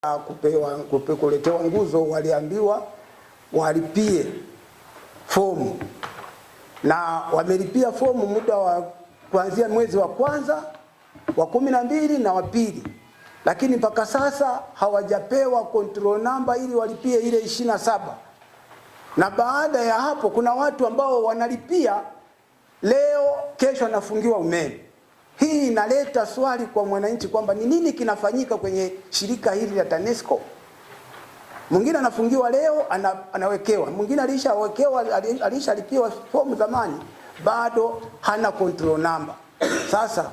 Kupewa, kupe, kuletewa nguzo waliambiwa walipie fomu na wamelipia fomu muda wa kuanzia mwezi wa kwanza wa kumi na mbili na wa pili, lakini mpaka sasa hawajapewa control namba ili walipie ile ishirini na saba. Na baada ya hapo kuna watu ambao wanalipia leo, kesho anafungiwa umeme. Hii inaleta swali kwa mwananchi kwamba ni nini kinafanyika kwenye shirika hili la TANESCO. Mwingine anafungiwa leo ana, anawekewa mwingine alishawekewa alishalipiwa fomu zamani, bado hana control number. Sasa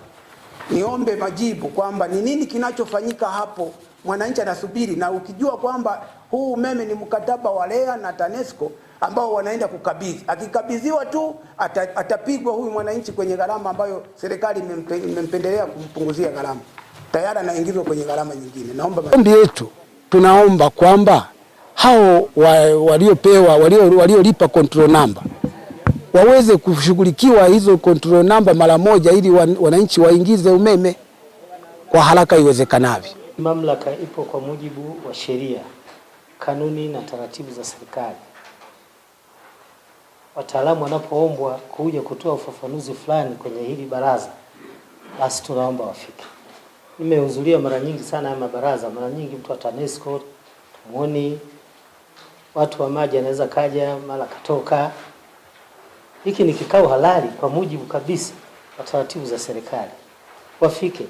niombe majibu kwamba ni nini kinachofanyika hapo mwananchi anasubiri, na ukijua kwamba huu umeme ni mkataba wa REA na TANESCO ambao wanaenda kukabidhi, akikabidhiwa tu atapigwa huyu mwananchi kwenye gharama ambayo serikali imempendelea kumpunguzia gharama, tayari anaingizwa kwenye gharama nyingine. Naomba ombi yetu, tunaomba kwamba hao waliopewa waliolipa control number waweze kushughulikiwa hizo control number mara moja, ili wananchi waingize umeme kwa haraka iwezekanavyo. Mamlaka ipo kwa mujibu wa sheria, kanuni na taratibu za serikali. Wataalamu wanapoombwa kuja kutoa ufafanuzi fulani kwenye hili baraza, basi tunaomba wafike. Nimehudhuria mara nyingi sana haya mabaraza, mara nyingi mtu wa TANESCO tumuoni, watu wa maji anaweza kaja mara katoka. Hiki ni kikao halali kwa mujibu kabisa wa taratibu za serikali, wafike.